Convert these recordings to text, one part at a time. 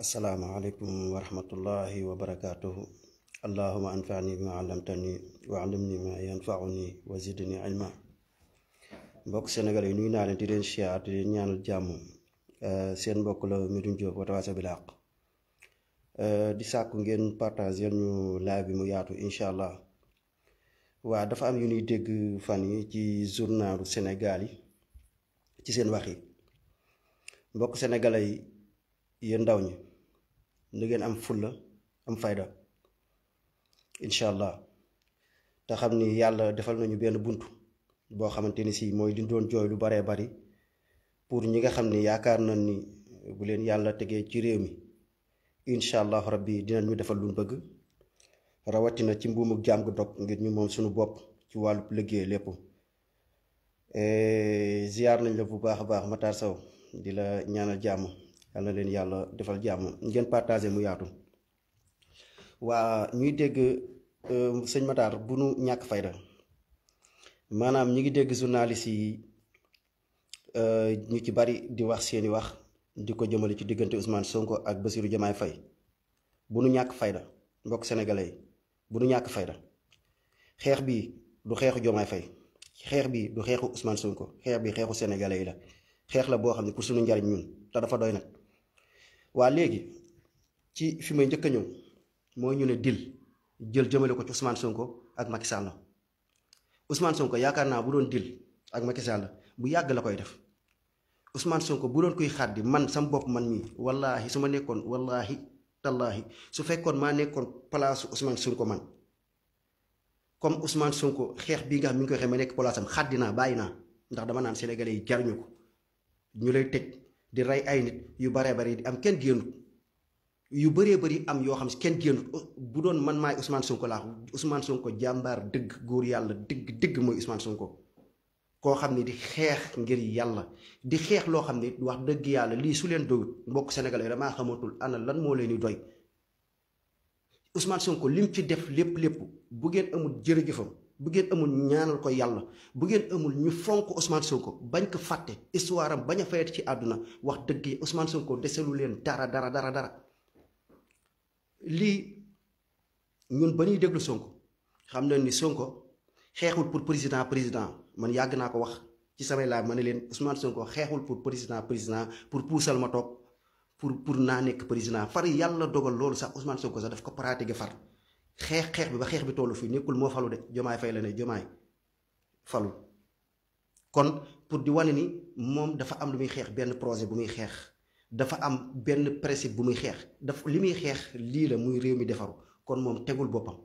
asalaamaaleykum wa rahmatullahi wa barakaatuhu allahuma anfani bima allamtani wa allimni ma yanfauni wa zidni ilma mbokk Sénégal yi nuyu naa leen di leen siyaar di leen ñaanal jàmm euh, seen mbokk la Medoune Diop wa Tawaasaw bil euh, di sàkku ngeen partage ñu live bi mu yaatu incha allah waa dafa am yu ñuy dégg fan yi ci journalu Sénégal yi ci seen wax yi mbokk sénégalais yi ndaw ñi nu ngeen am fulla am fayda incha allah te xam ni yàlla defal nañu benn bunt boo xamante ni si mooy li doon jooy lu baree bari pour ñi nga xam ni yaakaar nañ ni bu leen yàlla tegee ci réew mi incha allah rabbi dinañ ñu defal luñ bëgg rawatina ci mbuumuk jaam gu dog ngir ñu moom suñu bopp ci wàllu liggéey lépp eh, ziar nañ la bu baax a baax Matar di la ñaanal jàmm yàlla na leen yàlla defal jàmm ngeen partagé mu yaatu waa ñuy dégg euh, sëñ Matar bu nu ñàkk fayda maanaam ñu ngi dégg journaliste yi euh, ñu ci bari di wax seeni wax di ko jëmale ci diggante Ousmane Sonko ak Bassirou Diomaye fay bu nu ñàkk fayda mbokk sénégalais yi bu nu ñàkk fayda xeex bi du xeexu Diomaye fay xeex bi du xeexu Ousmane Sonko xeex bi xeexu sénégalais yi la xeex la boo xam ne pour suñu njariñ ñun te dafa doy nag waa léegi ci fi may njëkk a ñëw mooy ñu ne dil jël jëmale ko ci Ousmane Sonko ak Macky Sall Ousmane Sonko yaakaar naa bu doon dil ak Macky Sall bu yàgg la koy def Ousmane Sonko bu doon kuy xaddi man sam bopp man mii wallaahi su ma nekkoon wallaahi tallaahi su fekkoon maa nekkoon palaasu Ousmane Sonko man comme Ousmane Sonko xeex bii nga xam mi ngi koy xeex ma nekk palaasam xaddi naa bàyyi naa ndax dama naan sénégalais yi jaruñu ko ñu lay tëj. di rey ay nit yu baree bari di am kenn génnut yu bëree bëri am yoo xam si kenn génnut bu doon man maay Ousmane Sonko laa Ousmane Sonko jàmbaar dëgg góor yàlla dëgg dëgg mooy Ousmane Sonko koo xam ne di xeex ngir yàlla di xeex loo xam ne wax dëgg yàlla lii su leen doyut mbokk sénégalais damaa xamatul ana lan moo leen di doy Ousmane Sonko lim ci def lépp lépp bu ngeen amul jërëjëfam bu ngeen amul ñaanal ko yàlla bu ngeen amul ñu fonk Ousmane Sonko bañ ko fàtte histoire am bañ a fayat ci àdduna wax dëgg yi Ousmane Sonko leen dara dara dara dara lii ñun ba ñuy déglu Sonko xam nañ ni Sonko xeexul pour président président man yàgg naa ko wax ci samay laaj ma ne leen Ousmane Sonko xeexul pour président président pour puusal ma toog pour pour naa nekk président far yàlla dogal loolu sax Ousmane Sonko sax daf ko pratiquer far. xeex xeex bi ba xeex bi tollu fii nekkul moo falu de jomaay fay la ne jomaay falul kon pour di wane ni moom dafa am lu muy xeex benn projet bu muy xeex dafa am benn principe bu muy xeex daf li muy xeex lii la muy réew mi defaru kon moom tegul boppam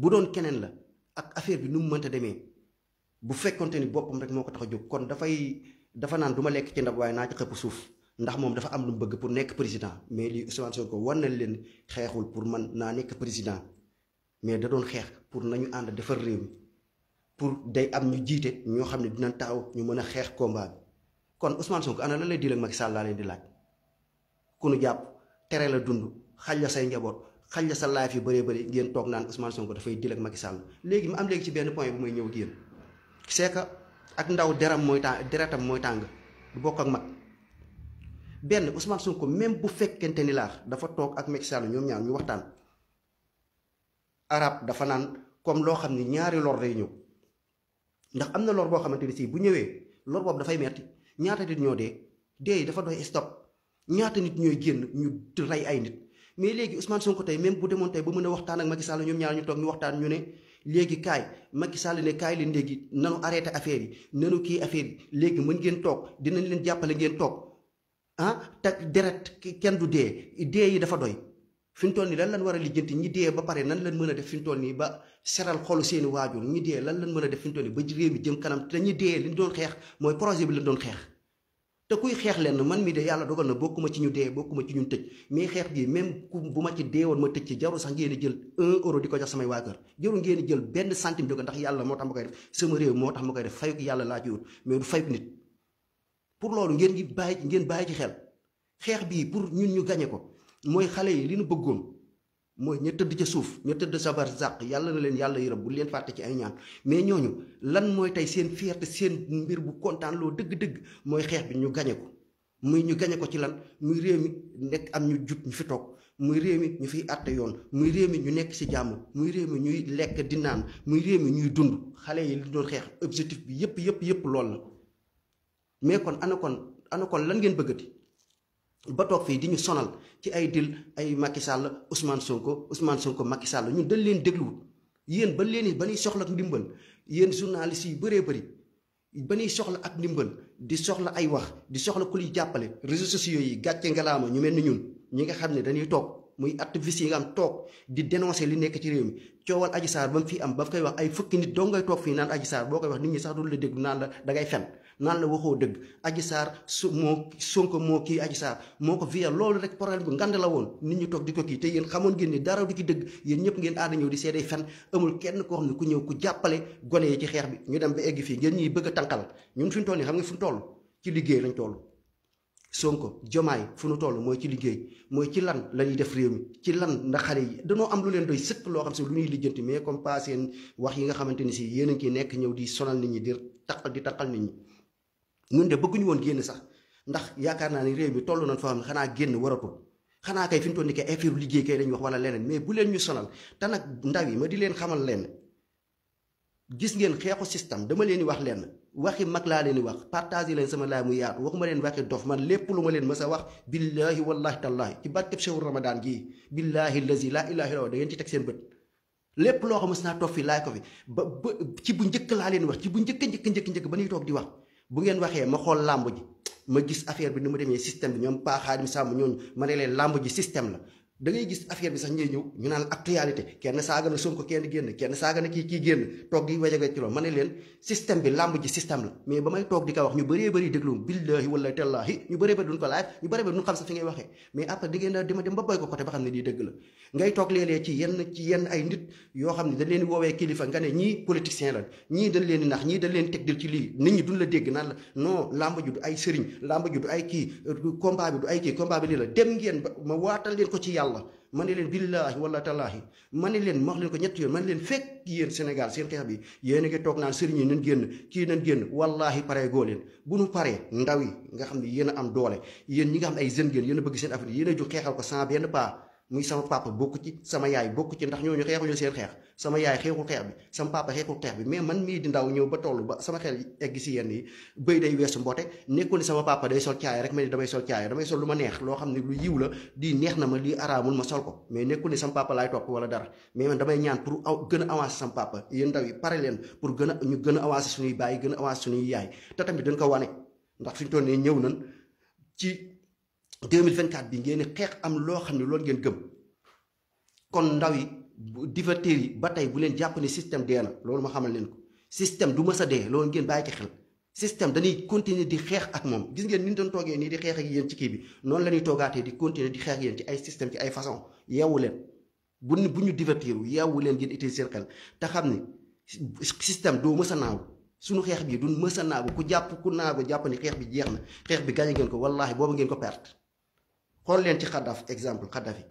bu doon keneen la ak affaire bi nu mu mënta demee bu fekkonte ni boppam rek moo ko tax a jóg kon dafay dafa naan du ma lekk ci ndab waaye naa ci xëpp suuf ndax mom dafa am lu bëgg pour nek président mais li Ousmane Sonko war na leen xéxul pour man na nek président mais da doon xéx pour nañu and defal réew mi pour day am ñu jité ño xamni dina taw ñu mëna xéx combat kon Ousmane Sonko ana lan lay di ak Macky Sall la leen di laaj ku nu japp téré la dund xal la say njabot xal la sa life yu bëré bëré ngeen tok naan Ousmane Sonko fay diil ak Macky Sall légui mu am légui ci benn point bu may ñëw ak yeen c'est que ak ndaw deram mooy tàng deretam moy tang du bokk ak benn Ousmane Sonko même bu fekkente ni laax dafa toog ak Macky Sall ñoom ñaar ñu waxtaan arab dafa naan comme loo xam ni ñaari lor day ñëw ndax am na lor boo xamante ni sii bu ñëwee lor boobu dafay metti ñaata nit ñoo dee dee dafa doy stop ñaata nit ñooy génn ñu rey ay nit mais léegi Ousmane ko tey même bu demoon tey ba mën a waxtaan ak Macky Sall ñoom ñaar ñu toog ñu waxtaan ñu ne léegi kaay Macky Sall ne kaay leen léegi nanu arrêté affaire yi nanu kii affaire yi léegi mën ngeen toog dinañ leen jàppale ngeen toog. ah te deret kenn du dee dee yi dafa doy fi mu toll nii lan lan war a lijjanti ñi dee ba pare nan lan mën a def fi mu toll nii ba seral xolu seeni waajur ñi dee lan lan mën a def fi mu toll nii ba réew mi jëm kanam te ñi dee liñ doon xeex mooy projet bi lañ doon xeex te kuy xeex leen man mi de yàlla dogal na bokkuma ci ñu dee bokkuma ci ñu tëj mais xeex bii même ku bu ma ci dee woon ma tëj ci jarul sax ngeen di jël un euro di ko jox samay waa kër jarul ngeen jël benn centime di ndax yàlla moo tax ma koy moo tax ma koy def fayuk yàlla laa ci wut mais nit pour loolu ngeen ngi bàyyi ngeen bàyyi ci xel xeex bii pour ñun ñu gañe ko mooy xale yi li ñu bëggoon mooy ña tëdd ca suuf ñu tëdd sabar bar zàq yàlla na leen yàlla yërëm bu leen fàtte ci ay ñaan mais ñooñu lan mooy tey seen fierté seen mbir bu kontaan loo dëgg-dëgg mooy xeex bi ñu gañe ko muy ñu gañe ko ci lan muy réew mi nekk am ñu jub ñu fi toog muy réew mi ñu fi àtte yoon muy réew mi ñu nekk si jàmm muy réew mi ñuy lekk di naan muy réew mi ñuy dund xale yi li xeex objectif bi yëpp yëpp yëpp lool mais kon ana kon ana kon lan ngeen bëggati ba toog fii di ñu sonal ci ay dil ay Macky Sall Ousmane Sonko Ousmane Sonko Macky Sall ñun dañ leen dégluwut yéen ba leen ba ñuy soxla ak ndimbal yéen journaliste yu bëree bëri ba ñuy soxla ak ndimbal di soxla ay wax di soxla ku luy jàppale réseaux sociaux yi gàcce ma ñu mel ni ñun ñi nga xam ne dañuy toog. muy activiste yi nga am toog di dénoncer li nekk ci réew mi coowal Adji ba mu fi am ba koy wax ay fukki nit doo ngay toog fii naan Adji Sarr boo koy wax nit ñi sax du la déglu naan la dangay fen nan la waxoo dëgg Adji Sarr su moo Sonko moo kii Adji Sarr moo ko via loolu rek problème bu ngand la woon nit ñu toog di ko kii te yéen xamoon ngeen ni dara di ci dëgg yéen ñëpp ngeen aada ñëw di seedey fen kenn koo ku ñëw ku jàppale gone yi ci xeex bi ñu dem ba egg fii ngeen ñuy bëgg a tànqal ñun fi ñu toll nii xam nga ci liggéey lañ toll Sonko jomaay fu nu toll mooy ci liggéey mooy ci lan la def réew mi ci lan ndax yi dañoo am lu leen doy sëkk loo xam si lu ñuy lijjanti mais comme pas seen wax nga xamante ni si yéen a ngi nekk ñëw di sonal nit ñi di taqal di taqal nit ñi ñun de bëgguñu woon génn sax ndax yaakaar naa ne réew mi toll nañ foo xam xanaa génn waratul xanaa kay fi ñu toll nii kay ay fiiru liggéey kay lañuy wax bu leen ñu sonal te nag yi ma di leen xamal lenn gis ngeen xeexu système dama leen di wax lenn waxi mag laa leen di wax partagé leen sama laay mu yaatu waxuma leen waxi dof man lépp lu ma leen mës a wax billaahi wallaahi tallaahi ci barkeb shahru ramadan gii billaahi lazi laa ilaaha illa da ngeen ci teg seen bët lépp loo xam mës naa toog fi laay ko fi ba ba ci bu njëkk laa leen wax ci bu njëkk njëkk njëkk njëkk ba ñuy toog di wax bu ngeen waxee ma xool làmb ji ma gis affaire bi ni mu demee système bi ñoom Paa Xaadim Samb ñooñu ma ne leen làmb ji système la da ngay gis affaire bi sax ngay ñëw ñu naan actualité kenn saaga na sonko kenn genn kenn saaga na ki ki genn tok di wajag ci loolu mané len système bi lamb ji système la mais ba may tok di ka wax ñu bëré bëri déglu billahi wala tallahi ñu bëré bëri duñ ko laaj ñu bëré bëri duñ xam sa fi ngay waxé mais après di ngeen dima dem ba boy ko côté ba xam ne lii dëgg la ngay tok lélé ci yenn ci yenn ay nit yo xam dañ leen wowe kilifa nga ne ñii politicien la ñi dañ leen nax ñi dañ leen tek dil ci li nit ñi duñ la dégg naan la non lamb ju du ay sëriñ lamb ju du ay ki combat bi du ay ki combat bi lii la dem ngeen ma watal leen ko ci yàlla ma ne leen billaahi wala talaahi ma ne leen ma wax leen ko ñett yoon ma ne leen fekk yéen Sénégal seen xeex bi yéen a ngi toog naan sëriñ yi nañ génn kii nañ génn wallaahi paree goo leen bu nu paree ndaw nga xam ne yéen a am doole yéen ñi nga xam ne ay jeunes ngeen yéen a bëgg seen affaire yéen a jóg ko sans benn muy sama papa bokk ci sama yaay bokk ci ndax ñooñu xeexuñu seen xeex sama yaay xeexul xeex bi sama papa xeexul xeex bi mais man mii di ndaw ñëw ba toll ba sama xel egg si yenn yi bëy day weesu mboote nekkul ni sama papa day sol caaya rek ma ni damay sol damay sol lu ma neex loo xam ne lu yiw la di neex na ma lii araamul ma ko mais nekkul ni sama papa laay topp wala dara mais man damay ñaan pour aw gën a avancer sama papa yéen ndaw yi pare leen pour gën a ñu gën a avancer suñuy baay gën a avancer suñuy yaay te tamit dañ ko wane ndax fi ñu toll nii ñëw nañ ci 2024 bi ngeen xeex am loo xam ne loolu ngeen gëm kon ndaw yi divertir yi ba tey bu leen jàpp ne système dee na loolu ma xamal leen ko système du mës a dee loolu ngeen bàyyi ci xel système dañuy di xeex ak moom gis ngeen ni ñu doon toogee nii di xeex ak yéen kii bi noonu la ñuy toogaatee di continuer di xeex yéen ci ay système ay façon yeewu leen bu bu ñu divertir yeewu leen ngeen utiliser seen te xam ne système doo mës a naaw suñu xeex bi du mësa a naaw ku jàpp ku naaw jàpp ni xeex bi jeex na xeex bi gañe ngeen ko wallaahi boobu ngeen ko perte xool leen ci xaddaaf exemple xaddafi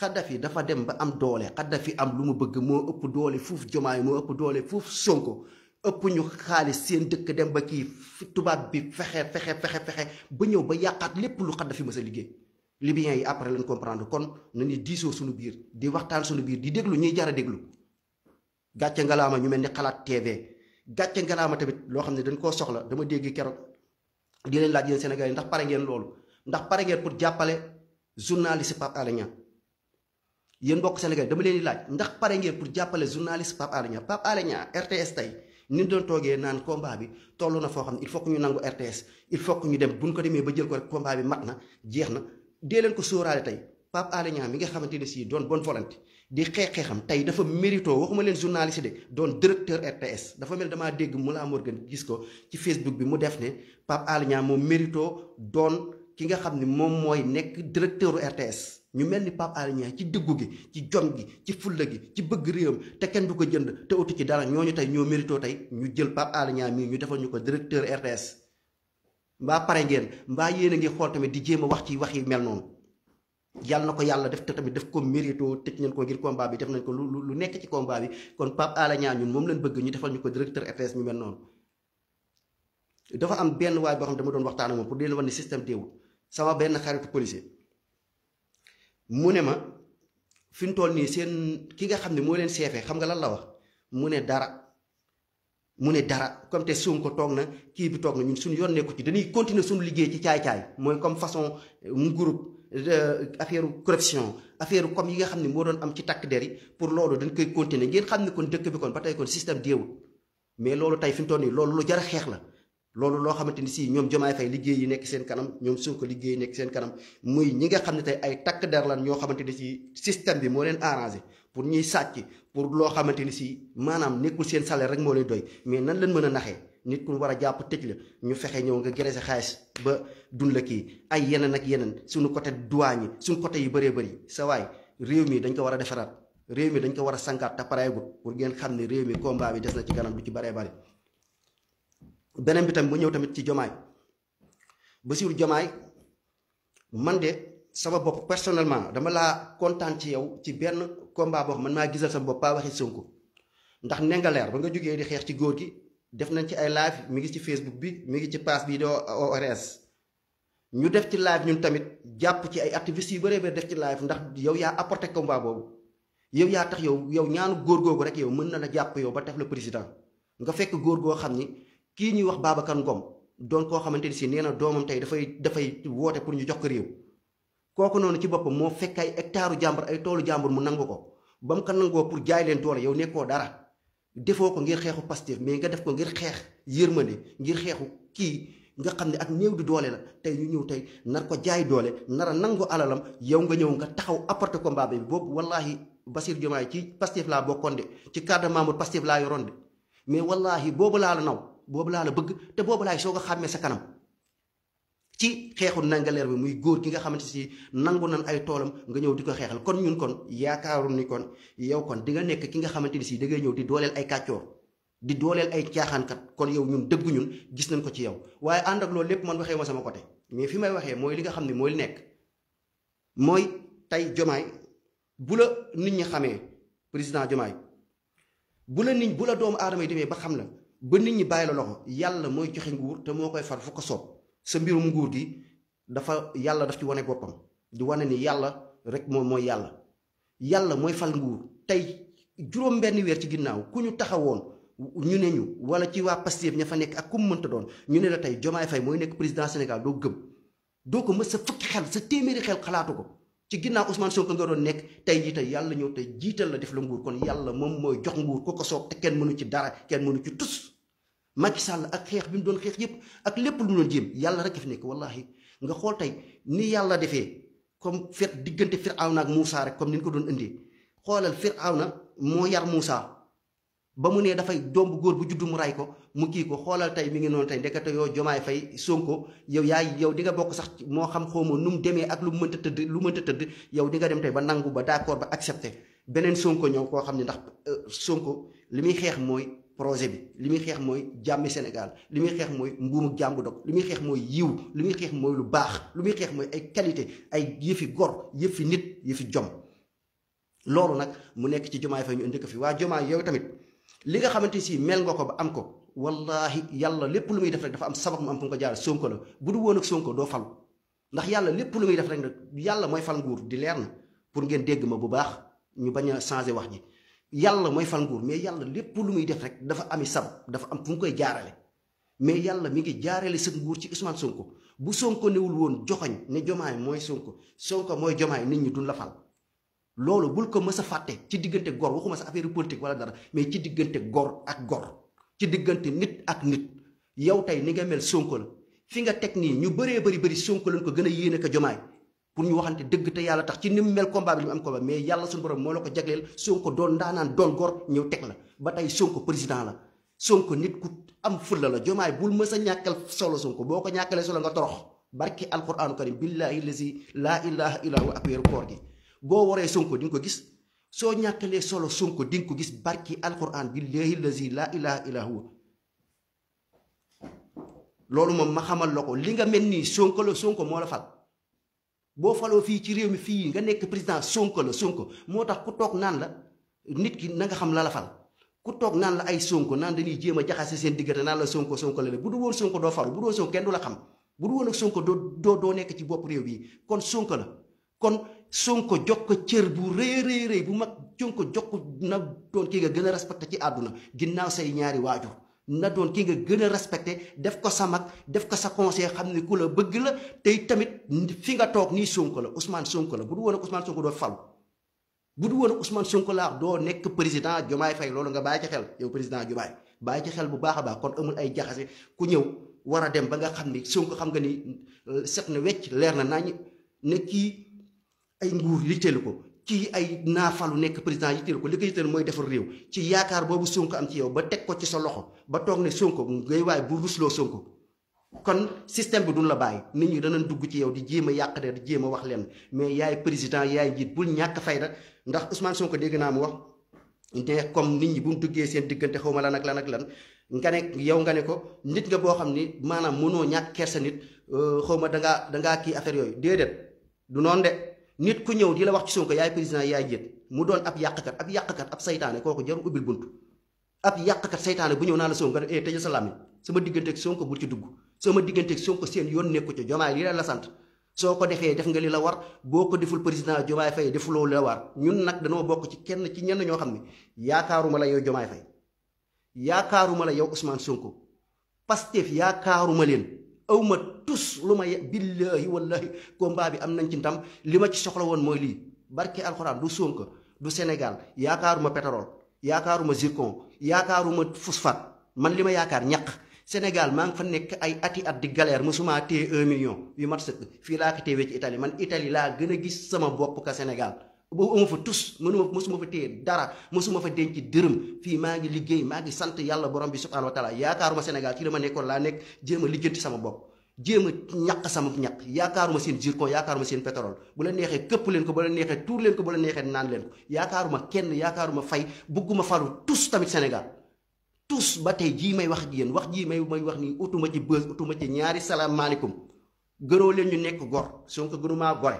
xaddafi dafa dem ba am doole xaddafi am lu mu bëgg moo ëpp doole fuuf jomaay moo ëpp doole fuuf sonko ëpp ñu xaalis seen dëkk dem ba kii tubaab bi fexe fexe fexe fexe ba ñëw ba yàqaat lépp lu xaddafi mës sa liggéey libyens yi après lañ comprendre kon nañu diisoo suñu biir di waxtaan suñu biir di déglu ñuy jar a déglu gàcce ngalaama ñu mel ni xalaat TV gàcce ngalaama tamit loo xam ne dañ koo soxla dama dégg keroog di leen Sénégal yi ndax ngeen loolu ndax journaliste Pape Alé Niang yéen mbokk Sénégal dama leen di laaj ndax pare ngeen pour jàppale journaliste Pape Alé Niang Pape Alé Niang ni doon toogee naan combat bi toll na foo xam ne il faut ñu nangu RTS il faut que ñu dem buñ ko demee ba jël ko rek combat na jeex na dee ko sóoraale tey Pape mi nga xamante ne si doon bonne volonté di xeex-xeexam tey dafa mérito waxuma leen journaliste de doon directeur RTS dafa mel damaa dégg Moula Morgan gis ko ci Facebook bi mu def ne Pape Alé Niang moom mérito doon. ki nga xamni ni moy nek directeur RTS ñu melni ni Pape ci duggu gi ci jom gi ci fulle gi ci bëgg réewam te kenn duko jënd te uti ci dara ñoñu tay ñoo mérito tay ñu jël pap Alé mi ñu defal ñuko directeur RTS mba paré ngeen mba yéen a ngi xol tamit di jéem a wax ci wax yi mel non yalla nako yalla def te tamit def ko mérito tëj ñen ko ngir combat bi def nañ ko lu lu nekk ci combat bi kon pap Alé ñun mom lañ bëgg ñu defal ñuko directeur RTS ñu mel non dafa am benn way bo xam dama doon waxtaan ak moom pour di leen ni système teewul sama benn xaritu policier mu ne ma ki nga xam nga lan dara dara comme te un na ñun ci dañuy continuer ci comme façon euh, groupe euh, affaire corruption affaire comme yi nga doon am ci pour loolu dañ koy continuer ne kon dëkk bi kon kon système mais loolu tey a loolu loo xamante ni sii ñoom Jomaay Fay liggéey yi nekk seen kanam ñoom Sonko liggéey yi nekk seen kanam muy ñi nga xam ne tey ay takk der lan ñoo xamante ni si système bi moo leen arrangé pour ñuy sàcc pour loo xamante ni si maanaam nekkul seen salaire rek moo leen doy mais nan leen mën a naxee nit ku war a jàpp tëj la ñu fexe ñëw nga géré sa xaalis ba dun la kii ay yeneen ak yeneen suñu côté douane yi suñu côté yu bëree bëri sa waay réew mi dañ ko war a defaraat réew mi dañ ko war a sangaat te pareegut pour ngeen xam ne réew mi combat bi na ci kanam du ci bëree bëri beneen bi tamit mu ñëw tamit ci jomaay Bassirou Jomaay man de sama bopp personnellement dama laa kontaan ci yow ci benn combat boo xam man maa gisal sama bopp paa waxi Sonko ndax ne ba nga jógee di xeex ci góor gi def nañ ci ay live mu ngi ci Facebook bi mi ngi ci page bi doo ORS ñu def ci live ñun tamit jàpp ci ay activistes yu bëree def ci live ndax yow yaa apporté combat boobu yow yaa tax yow yow ñaanu góor googu rek yow mën na la jàpp yow ba def la président nga fekk góor goo xam ni. kii ñuy wax baabakan Ngom doon koo xamante ni si nee na doomam tey dafay dafay woote pour ñu jox ko réew kooku noonu ci boppam moo fekk ay hectare jàmbur ay toolu jàmbur mu nangu ko ba mu ko nangoo pour jaay leen doole yow nekkoo dara defoo ko ngir xeexu Pastef mais nga def ko ngir xeex yërmande ngir xeexu kii nga xam ne ak néew di doole la tey ñu ñëw tey nar ko jaay doole nar a nangu alalam yow nga ñëw nga taxaw apporté combat bi boobu wallaahi Bassirou Diomaye ci Pastef laa bokkoon de ci cadre membre Pastef laa yoroon de mais wallaahi boobu laa naw. boobu laa la bëgg te boobu laay soog a xàmmee sa kanam ci xeexu nangaleer bi muy góor gi nga xamante si nangu nan ay toolam nga ñëw di ko xeexal kon ñun kon yaakaaru ni kon yow kon di nga nekk ki nga xamante ni si da ngay ñëw di dooleel ay kàccoor di dooleel ay caaxaankat kon yow ñun dëggu ñun gis nañ ko ci yow waaye ànd ak loolu lépp man waxee ma sama côté mais fi may waxee mooy li nga xam ne mooy li nekk mooy tey jomaay bu la nit ñi xamee président jomaay bu la nit bu la doomu aadama yi demee ba xam la ba nit ñi bàyyi la loxo yàlla mooy joxe nguur te moo koy far fu ko soob sa mbirum nguur gi dafa yàlla daf ci wane boppam di wane ni yàlla rek moom mooy yàlla yàlla mooy fal nguur tey juróom benn weer ci ginnaaw ku ñu taxawoon ñu ne ñu wala ci waa Pastef ña fa nekk ak ku mu mënta doon ñu ne la tey Diomaye Faye mooy nekk président Sénégal doo doo ko mës sa fukki sa téeméeri xel xalaatu ko ci ginnaaw Ousmane Sonko nga nekk tey jii yàlla ñëw tey jiital la def la nguur kon yàlla moom mooy jox nguur ku ko soob te kenn mënu ci dara kenn mënu ci tus Macky Sall ak xeex bi mu doon xeex yëpp ak lépp lu doon jéem yàlla rek fi nekk wallahi nga xool tey ni yàlla defee comme fir diggante Firawna ak Moussa rek comme ni ñu ko doon indee xoolal na moo yar Moussa. ba mu nee dafay doom góor bu juddu mu ray ko mu kii ko xoolal tey mi ngi noonu tey ndekete yoo jomaay fay sonko yow yaay yow di nga bokk sax moo xam xawma nu mu demee ak lu mu mënta tëdd lu mënta tëdd yow di nga dem tey ba nangu ba d'accord ba accepté beneen sonko ñëw koo xam ne ndax euh, sonko li muy xeex mooy projet bi li muy xeex mooy jàmmi Sénégal li muy xeex mooy mbuumu jàmbu dog li muy xeex mooy yiw li muy xeex mooy lu baax li muy xeex mooy ay qualité ay yëfi gor yëfi nit yëfi jom loolu nag mu nekk ci jomaay fa ñu indi fi waa jomaay yow tamit li nga si mel ko ba am ko wallahi yàlla lépp lu muy def dafa am sabab mu am ko jaar sonko la bu du sonko doo fal ndax yàlla lépp lu muy def rek yàlla mooy fal nguur di leer na pour ngeen dégg ma bu baax ñu bañ a changé wax ji yàlla mooy fal nguur mais yàlla lépp lu muy def rek dafa ami sab dafa am fu mu koy jaarale mais yàlla mi ngi jaarale sa nguur ci Ousmane Sonko bu Sonko newul woon joxoñ ne jomaay mooy Sonko Sonko mooy jomaay nit ñi duñ la fal loolu bul ko mës a fàtte ci diggante gor waxuma sa affaire politique wala dara mais ci diggante gor ak gor ci diggante nit ak nit yow tey ni nga mel Sonko la fi nga teg nii ñu baree bëri bari Sonko lañ ko gën a yéene ko jomaay pour ñu waxante dëgg te yàlla tax ci ni mu mel combat bi li mu am combat mais yàlla suñu borom moo la ko jagleel Sonko doon ndaanaan doon gor ñëw teg la ba tey Sonko président la Sonko nit ku am fulla la jomaay bul mës a ñàkkal solo Sonko boo ko ñàkkalee solo nga torox barki alquranu karim billahi lazi laa ilaha illa huwa ak weeru boo waree Sonko di ko gis soo ñàkkalee solo Sonko di nga ko gis barki alquran billahi lazi laa ilaha illa huwa loolu moom ma xamal la ko li nga mel nii Sonko la Sonko moo la fal boo faloo fii ci réew mi fii nga nekk président Sonko la Sonko moo tax ku toog naan la nit ki na xam la la fal ku toog naan la ay Sonko naan dañuy jéem a jaxase seen diggante naan la Sonko Sonko la bu du woon Sonko doo faru bu du woon Sonko kenn du la xam bu du woon ak Sonko doo doo doo nekk ci bopp réew bi kon Sonko la kon Sonko jox ko cër bu rëy rëy bu mag Sonko jox ko nag doon kii nga gën a respecté ci àdduna ginnaaw say ñaari waajur na doon ki nga gën a respecté def ko sa mag def ko sa conseil xam ni ku la bëgg la tey tamit fi nga toog nii sunk la Ousmane sunk la bu du woon ak Ousmane Sonko doo bu du woon ak Ousmane Sonko laa doo nekk président Diomaye Faye loolu nga bàyyi ci xel yow président Diomaye bàyyi ci xel bu baax a baax kon amul ay jaxase ku ñëw war a dem ba nga xam ni Sonko xam nga ni euh, set na wecc leer na naa ne kii ay nguur yitteelu ko ci ay naa naafalu nekk président yitteel ko li ko yitteel mooy defar réew ci yaakaar boobu Sonko am ci yow ba teg ko ci sa loxo ba toog ne Sonko ngay waaye bu rusloo Sonko kon système bi du la bàyyi nit ñi danañ dugg ci yow di jéem a yàq de di jéem a wax leen mais yaay président yaay njiit bul ñàkk fayda ndax Ousmane Sonko dégg naa mu wax ne comme nit ñi bu mu duggee seen diggante xaw ma lan ak lan ak lan nga ne yow nga ne ko nit nga boo xam ni maanaam mënoo ñàkk kersa nit euh, xaw ma dangaa dangaa kii affaire yooyu déedéet nit ku ñëw di la wax ci Sonko yaay président yaay jét mu doon ab yàqkat ab yàqkat ab saytaane kooku jaru ubbil bunt ab yàqkat saytaane bu ñëw naa la Sonko nga eh, tëjal sa làmmiñ sama digganteeg Sonko bu ci dugg sama digganteeg Sonko seen yoon nekku ci jomaay lii la la sant soo ko defee def nga li la war boo ko deful président Jomaay Fay defuloo li la war ñun nag danoo bokk ci kenn ci ñenn ñoo xam ne yaakaaruma la yow Jomaay Fay yaakaaruma la yow Ousmane Sonko Pastef leen awma tus lu ma billaahi wallaahi combat bi am nañ ci ntam li ma ci soxla woon mooy lii barke alxuraan du Sonko du Sénégal yaakaaruma pétrole yaakaaruma zircon yaakaaruma phosphate man li ma yaakaar ñaq Sénégal maa ngi fa nekk ay ati at di galère mosuma téye un million yu mat sëkk fii laa ko téewee ci Italie man Italie laa gën a gis sama bopp ka Sénégal uma fa tus mënuma musuma fa téye dara musuma fa denc dërëm fi maa ngi liggéey maa ngi sant yàlla borom bi subhanahu wa taala yaakaaruma sénégal ci la ma la laa nekk jéem a sama bopp jéem ñak sama ñak yaakaaruma seen jirko yaakaaruma seen pétrole bu la neexee këpp leen ko bu la neexee tour leen ko bu la neexee nan leen yaakaaruma kenn yaakaaruma fay bugguma falu tus tamit sénégal tous ba tay ji may wax giene wax ji may may wax ni utuma ci bës utuma ci ñaari salaamaaleykum gëroo leen ñu nekk gor sonko gënumaa gore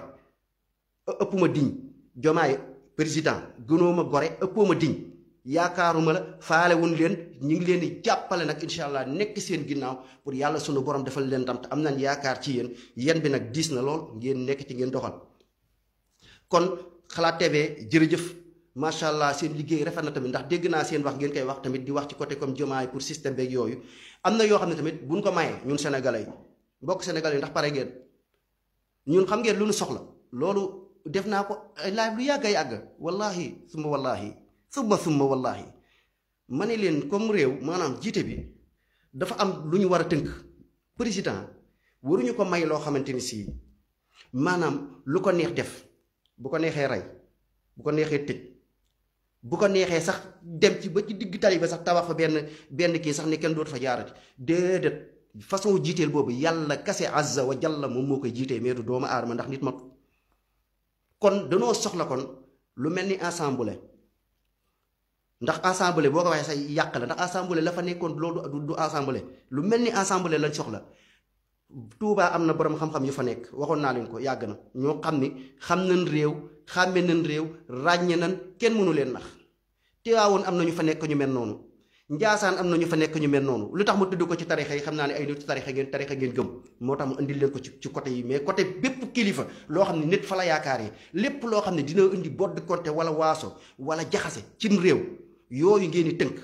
ëppuma diñ jomaay président gënoo ma gore ëppoo ma diñ yaakaaruma la faale woon leen ñu ngi leen di jàppale nag incha allah nekk seen ginnaaw pour yàlla suñu borom defal leen ndam am nañ yaakaar ci yéen yéen bi nag diis na lool ngeen nekk ci ngeen doxal. kon Xalaat TV jërëjëf macha allah seen liggéey rafet na tamit ndax dégg naa seen wax ngeen koy wax tamit di wax ci côté comme jomaay pour système beeg yooyu am na yoo xam ne tamit buñ ko mayee ñun sénégalais yi mbokk sénégalais yi ndax pare ngeen ñun xam ngeen lu ñu soxla loolu. def naa ko ay live lu yàgg a yàgg wallaahi summa wallaahi summa summa wallaahi ma ne leen comme réew maanaam jiite bi dafa am lu ñu war a tënk président waruñu ko may loo xamante ni sii maanaam lu ko neex def bu ko neexee rey bu ko neexee tëj bu ko neexee sax dem ci ba ci digg tali sax tabax fa benn benn kii sax ni kenn dootu fa jaarati déedéet façon jiiteel boobu yàlla kase azza wa jalla moom moo koy jiitee meetu doomu aadama ndax nit ma kon danoo soxla kon lu mel ni ensemble ndax ensemble boo ko waxee sax yàq la ndax ensemble la fa nekkoon loolu du ensemble lu mel ni ensemble lañ soxla Touba am na boroom xam-xam yu fa nekk waxoon naa leen ko yàgg na ñoo xam ni xam nañ réew xàmme nan réew ràññe nañ kenn mënu leen nax woon am na ñu fa nekk ñu mel noonu. njaasaan am na ñu fa nekk ñu mel noonu li tax mu tudd ko ci tarixa yi xam naa ne ay nit tarixa ngeen tarixa ngeen gëm moo tax mu indil leen ko ci ci côté yi mais côté bépp kilifa loo xam ne nit fa la yaakaar yi lépp loo xam ne dina indi bodd konte wala waaso wala jaxase cim réew yooyu ngeen di tënk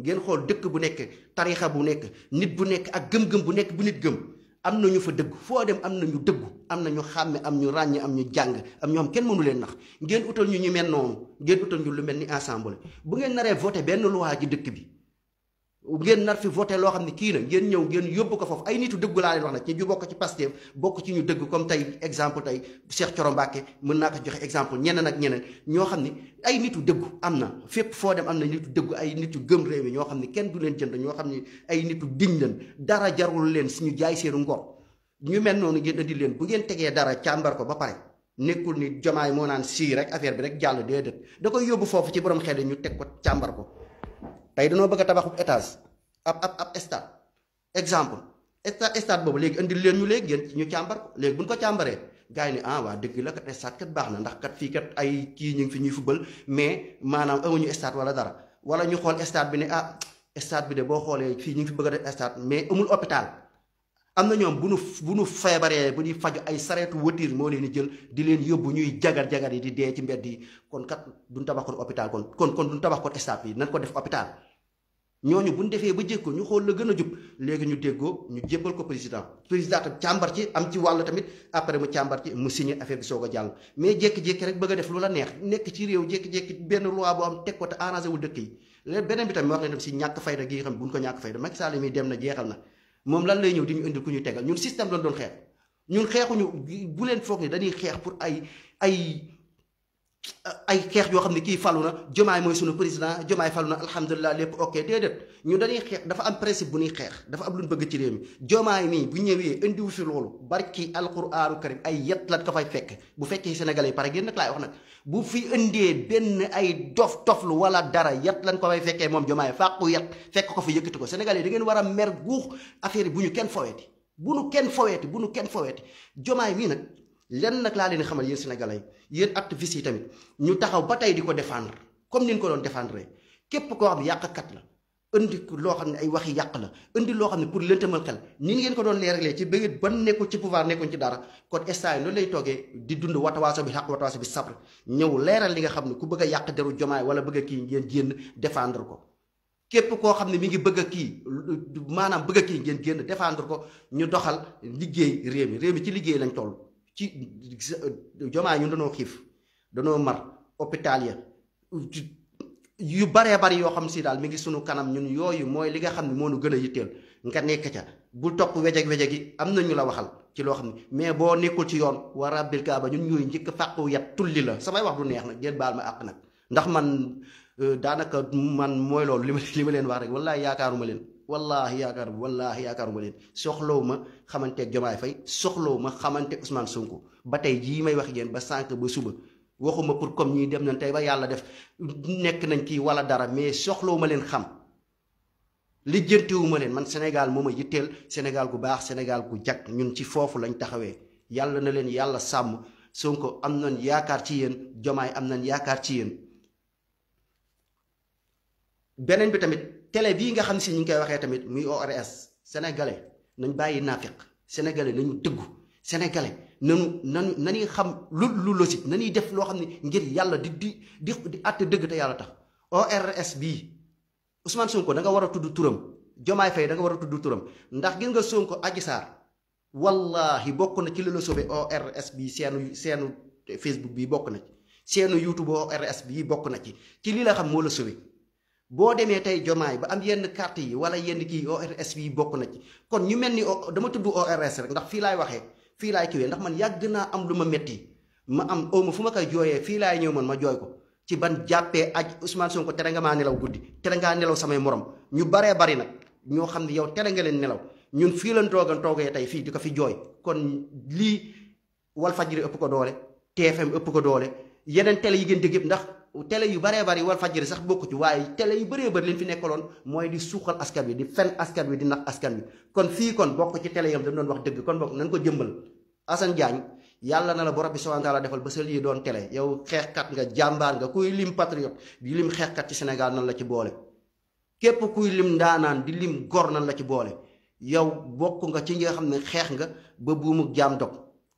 ngeen xool dëkk bu nekk tarixa bu nekk nit bu nekk ak gëm-gëm bu nekk bu nit gëm am na ñu fa dëgg foo dem am na ñu dëggu am na ñu xàmme am ñu ràññe am ñu jàng am ñoom kenn mënu leen nax ngeen utal ñu ñu mel noonu ngeen utal ñu lu mel ni ensemble bu ngeen naree voté benn loi ji dëkk bi ngeen nar fi voté loo xam ne kii na ngeen ñëw ngeen yóbbu ko foofu ay nitu dëgg laa leen wax nag ci ñu bokk ci Pastef bokk ci ñu dëgg comme tey exemple tey Cheikh Thioro Mbacké mën naa ko joxe exemple ñeneen ak ñeneen ñoo xam ne ay nitu dëggu am na fépp foo dem am na nitu dëggu ay nit yu gëm réew mi ñoo xam ne kenn du leen jënd ñoo xam ne ay nitu diñ leen dara jarul leen suñu jaay seenu ngor ñu mel noonu ngeen indi leen bu ngeen tegee dara càmbar ko ba nekkul ni jomaay moo naan sii rek affaire bi rek jàll déedéet da koy yóbbu foofu ci borom xel ñu teg ko càmbar ko tey danoo bëgg a tabaxub étage ab ab ab stade exemple stade stade boobu léegi indil leen ñu léegi yéen ñu càmbar ko léegi bu ñu ko càmbaree gars yi ne ah waa dëgg la kat stade kat baax na ndax kat fii kat ay kii ñu fi ñuy fubal mais maanaam amuñu stade wala dara wala ñu xool stade bi ne ah stade bi de boo xoolee fii ñu ngi fi bëgg a def stade mais amul hôpital am na ñoom bu nu bu nu feebaree bu ñuy faju ay sareetu wëtiir moo leen di jël di leen yóbbu ñuy jagar jagar yi di dee ci mbedd yi kon kat duñ tabax kon hôpital kon kon kon duñ tabax kon stade nañ ko def hôpital ñooñu bu ñu defee ba jég ko ñu xool la gën a jub léegi ñu déggoo ñu jébbal ko président président tam càmbar ci am ci wàll tamit après mu càmbar ci mu signé affaire bi soog a mais jékki-jékki rek def lu la neex nekk ci réew jékki-jékki benn loi boo am ko te wu dëkk yi léegi beneen bi si ñàkk fayda gi nga xam bu ñu ko ñàkk fayda Macky Sall mi dem na jeexal na moom lan lay ñëw di ñu indil ku ñu tegal ñun système lañ doon xeex ñun ñu bu leen foog ni dañuy xeex pour ay ay ay xeex yoo xam ne kii falu na jomaay mooy sunu président jomaay falu na alhamdulilah lépp ok déedéet ñu dañuy xeex dafa am principe bu ñuy xeex dafa am lu ñu bëgg ci réew mi jomaay nii bu ñëwee indiwu fi loolu barki alquraanu karim ay yet lan ko fekk bu fekkee sénégalais yi pare génn nag laay wax nag bu fi indee benn ay dof toflu wala dara yet lan ko fay fekkee moom jomaay fàqu yet fekk ko fa yëkkati ko sénégalais yi da ngeen war a mer guux affaire bu ñu kenn foweeti bu ñu kenn foweeti bu ñu kenn foweeti jomaay mii nag lenn nag laa leen xamal yéen sénégalais yi yéen activistes yi tamit ñu taxaw ba tey di ko défendre comme ni ko doon défendre képp koo xam ne yàqkat la indi loo xam ne ay waxi yàq la indi loo xam ne pour lëntëmal xel ni ngeen ko doon leeralee ci bëgg ban nekkul ci pouvoir nekkuñ ci dara kon instant yi lay toogee di dund watawaaso bi xaq watawaaso bi sabr ñëw leeral li nga xam ne ku bëgg a yàq deru jomaay wala bëgg kii ngeen génn défendre ko képp koo xam ne mi ngi bëgg a kii maanaam bëgg kii ngeen génn défendre ko ñu doxal liggéey réew mi réew mi ci liggéey lañ toll ci euh, jomaay ñun danoo xiif danoo mar hôpital ya yu baree bari yoo xam si daal mi ngi sunu kanam ñun yooyu mooy li nga xam ne moo nu gën a yitteel nga nekk ca bul topp wejeg wejeg yi am na ñu la waxal ci loo xam ne mais boo nekkul ci yoon wa rabbil kaaba ñu ñooy njëkk fàqu yat tulli la samay wax du neex na ngeen baal ma àq nag ndax man euh, daanaka man mooy loolu li ma li ma leen wax rek wallaay yaakaaruma leen wallaahi yaakaar wallaahi yaakaar nga leen soxlawu ma xamante ak Jomaay Fay soxlawu ma xamante usmaan Sonko ba tey jii may wax yéen ba sànq ba suba waxuma pour comme ñii dem nañ tey ba yàlla def nekk nañ kii wala dara mais soxlawu ma leen xam lijjantiwu ma leen man Sénégal moo ma yitteel Sénégal gu baax Sénégal gu jag ñun ci foofu lañ taxawee yàlla na leen yàlla sàmm Sonko am nañ yaakaar ci yéen Jomaay am nañ yaakaar ci yéen beneen bi tamit. télé bi nga xamni si ñu ngi koy waxee tamit muy ORS sénégalais nañ bayyi nafiq sénégalais nañ dëgg sénégalais nanu nan xam lu lu logique nañuy def lo xamni ngir yalla di di di di àtte dëgg ta yalla tax ORS bi Ousmane Sonko da nga wara tuddu turam Jomay Fay da nga wara tuddu turam ndax gën nga Sonko Adji Sarr wallahi bokku na ci li la sauvé ORS bi seenu seenu Facebook bi bokku na ci seenu YouTube ORS bi bokku na ci ci li la xam mo la boo demee tey jomaay ba am yenn carte yi wala yenn kii ORS yi bokk na ci kon ñu mel ni o dama tudd ORS rek ndax fii laay waxee fii laay kiwee ndax man yàgg naa am lu ma métti ma am omo fu ma koy jooyee fii laay ñëw man ma jooy ko ci ban jàppee aj Ousmane ko tere nga maa nelaw guddi tere ngaa nelaw samay morom ñu baree bari nag ñoo xam ne yow tere nga leen nelaw ñun fii lañ toogan toogee tey fii di ko fi jooy kon lii Walfadjri ëpp ko doole TFM ëpp ko doole yeneen télé yi gën dëgg yëpp ndax tele yu baree bari wal fajiri sax bokku ci waaye tele yu bëree bëri liñ fi nekkaloon mooy di suuxal askan wi di fen askan wi di nax askan bi kon fii kon bokk ci télé yam dañ doon wax dëgg kon bokk nañ ko jëmbal Assane Diagne yàlla na la borom bi subhanahu defal ba sa lii doon télé yow xeexkat nga jàmbaar nga kuy lim patriote di lim xeexkat ci Sénégal nan la ci boole képp kuy lim ndaanaan di lim gor nan la ci boole yow bokk nga ci nga xam ne xeex nga ba buumug jaam dog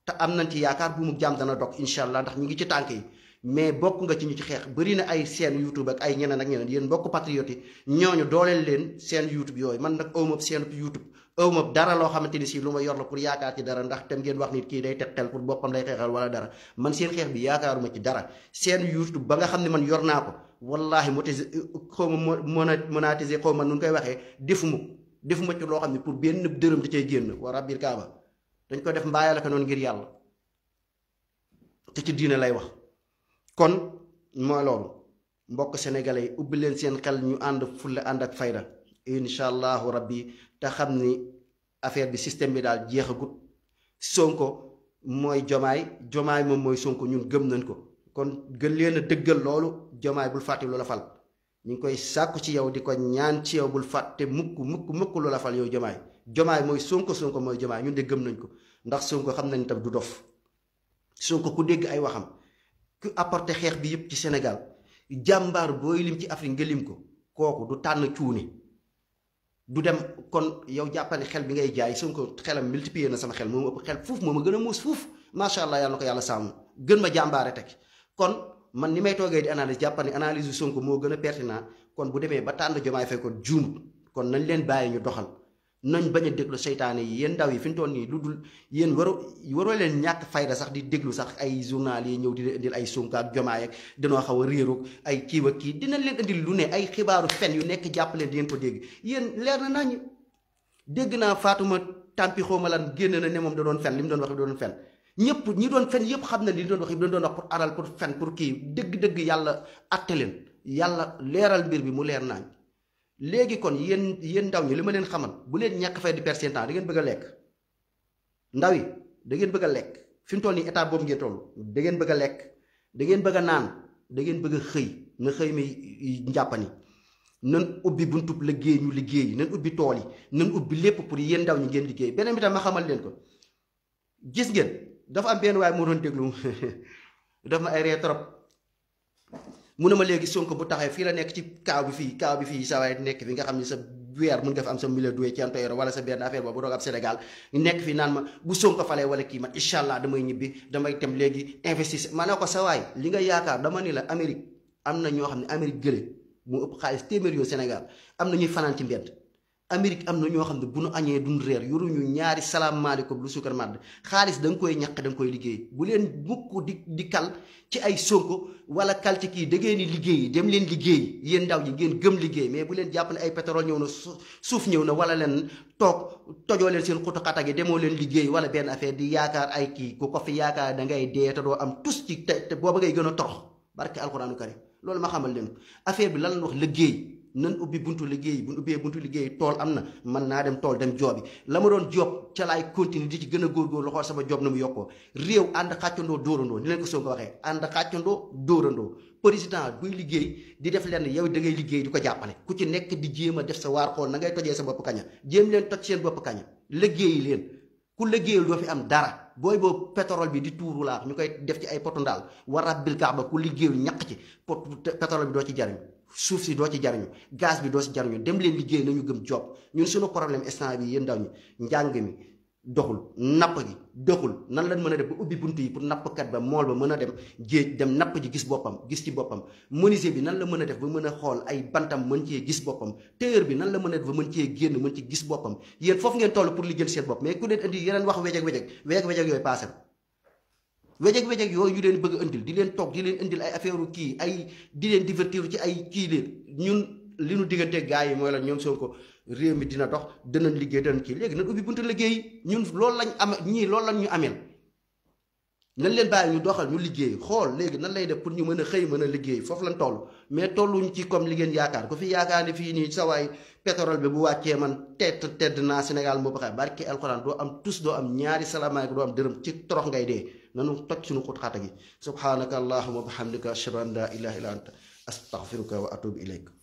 te am nañ ci yaakaar buumug jaam dana dog incha allah ndax ñu ngi ci tànk yi mais bokk nga ci ñu ci xeex bëri na ay seen YouTube ak ay ñeneen ak ñeneen yéen mbokk patriote yi ñooñu dooleel leen seen YouTube yooyu man nag awma seen YouTube awma dara loo xamante ni si lu ma yor la pour yaakaar ci dara ndax tem ngeen wax nit kii day tegtal pour boppam lay xeexal wala dara man seen xeex bi yaakaaruma ci dara seen YouTube ba nga xam ne man yor naa ko wallahi monétiser xaw ma monétiser xaw ma nu koy waxee defuma defuma ci loo xam ne pour benn dërëm da cay génn wa rabbil kaaba dañ ko def mbaayal ko noonu ngir yàlla te ci diina lay wax kon mooy loolu mbokk sénégalais yi ubbi seen xel ñu ànd fulla ànd ak fayda incha allahu rabbi te xam ni affaire bi système bi daal jeexagut sonko mooy jomaay jomaay moom mooy sonko ñun gëm nañ ko kon gën leen a dëggal loolu jomaay bul fàtte ñu ngi koy sàkku ci yow di ko ñaan ci yow bul fàtte mukk mukk mukk lu yow jomaay jomaay mooy sonko sonko mooy jomaay ñun de gëm nañ ko ndax sonko xam nañ tam du dof sonko ku dégg ay waxam ku apporté xeex bi yëpp ci Sénégal jàmbaar booy lim ci Afrique nga lim ko kooku du tànn cuuni du dem kon yow jàppane xel bi ngay jaay Sonko xelam multiplier na sama xel moom ëpp xel fuuf moom ma gën a muus fuuf macha allah yàlla ko yàlla sàmm gën ma jàmbaare teg kon man ni may toogee di analyse jàppane analyse yu Sonko moo gën a pertinent kon bu demee ba tànn jomaay fay ko juumut kon nañ leen bàyyi ñu doxal nañ bañ a déglu seytaane yi yéen ndaw yi fi ñu toll nii lu dul yéen waroo waroo leen ñàkk fayda sax di déglu sax ay journal yi ñëw di indil ay Sonko ak Diomaye ak danoo xaw a ay kiiw ak kii dina leen indil lu ne ay xibaaru fen yu nekk jàppaleen di ngeen ko dégg yéen leer na nañ dégg naa Fatouma Tampi xawma lan génn na ne moom da doon fen li mu doon wax da doon fen ñëpp ñi doon fen yëpp xam na li doon wax yi doon wax pour aral pour fen pour kii dëgg-dëgg yàlla atte leen yàlla leeral mbir bi mu leer nañ léegi kon yéen yéen ndaw ñi li ma leen xamal bu leen ñàkk fay di perdre seen da ngeen bëgg a lekk ndaw yi da ngeen bëgg a lekk fi mu toll nii état boobu ngeen toll da ngeen bëgg a lekk dangeen bëgg a naan da ngeen bëgg a xëy na xëy mi njàppani nan ubbi buntub liggéey ñu liggéey nan ubbi tool yi nan ubbi lépp pour yéen ndaw ñi ngeen liggéey beneen bi tam ma xamal leen ko gis ngeen dafa am benn waaye moo doon déglu daf ma ay ree trop mu ne ma léegi Sonko bu taxee fii la nekk ci kaaw bi fii kaaw bi fii sa waay nekk fi nga xam ne sa weer mun nga fa am sa million doué cento euro wala sa benn affaire boobu roog ab Sénégal nekk fi naan ma bu Sonko falee wala kii man incha allah damay ñibbi damay tem léegi investir ma ne ko sa li nga yaakaar dama ni la Amérique am na ñoo xam ne Amérique gële mu ëpp xaalis téeméer yoo Sénégal am na ñuy fanaan ci mbedd Amérique am na ñoo xam ne bu nu añee duñ reer yoruñu ñaari salaamaaleykum lu suukar màdd xaalis da nga koy ñàq da koy liggéey bu leen mukk di di kal ci ay Sonko wala kal ci kii da ngeen liggéey dem leen liggéey yéen ndaw ngeen gëm liggéey mais bu leen jàpp ay pétrole ñëw na suuf ñëw wala leen toog tojoo leen seen xutu xatak demoo leen liggéey wala benn affaire di yaakaar ay kii ko fi da ngay dee te doo am tus ci te booba ngay gën a torox barke alxuraanu karim loolu ma xamal leen affaire bi la lan wax liggéey nan ubbi buntu liggéey bu ubbee buntu liggéey tool am na man naa dem tool dem joobi la ma doon joob ca laay continuer di ci gën a góorgóorlu xool sama joob na mu yokkoo réew ànd xàccandoo dóorandoo ni leen ko Sonko waxee ànd xàccandoo dóorandoo président buy liggéey di def lenn yow da ngay liggéey di ko jàppale ku ci nekk di jéem a def sa waar xool na ngay tojee sa bopp kaña jéem leen toj seen bopp kaña liggéey leen ku liggéeyul doo fi am dara booy boobu pétrole bi di tuuru laax ñu koy def ci ay potu ndaal war rabbil kaaba ku liggéeyul ñaq ci pot pétrole bi doo ci jariñ suuf si doo ci jariñu gaz bi doo ci jariñu dem leen liggéey nañu gëm job ñun suñu problème instant bi yéen ndaw ñi njàng mi doxul napp gi doxul nan lañ mën a def ba yi pour nappkat ba a dem géej dem napp ji gis boppam gis ci boppam menuisier bi nan la mën a def ba mën a xool ay bantam mën cee gis boppam tailleur bi nan la mën a def ba mën cee génn mën ci gis boppam yéen foofu ngeen toll pour liggéeyal seen bopp mais ku leen indi yeneen wax wejeg wejeg wejeg yooyu paase wejeg wejeg yooyu ñu leen bëgg indil di leen toog di leen indil ay affaire kii ay di leen divertir ci ay kii leen ñun li ñu diggante gars yi mooy la ñoom ko réew mi dina dox danañ liggéey danañ kii léegi nañ ubbi buntu liggéey ñun lool lañ am ñii lool lañ ñu ameel nañ leen bàyyi ñu doxal ñu liggéey xool léegi nan lay def pour ñu mën a xëy mën a liggéey foofu lañ toll mais tolluñ ci comme li yaakaar ko fi yaakaar ne fii nii sa waay pétrole bi bu wàccee man tedd tedd naa Sénégal moo baxee barki alxuraan doo am tous doo am ñaari salaamaaleykum doo am dërëm ci torox ngay dee نانو تاتش نو خوت سبحانك اللهم وبحمدك اشهد لا اله الا انت استغفرك واتوب اليك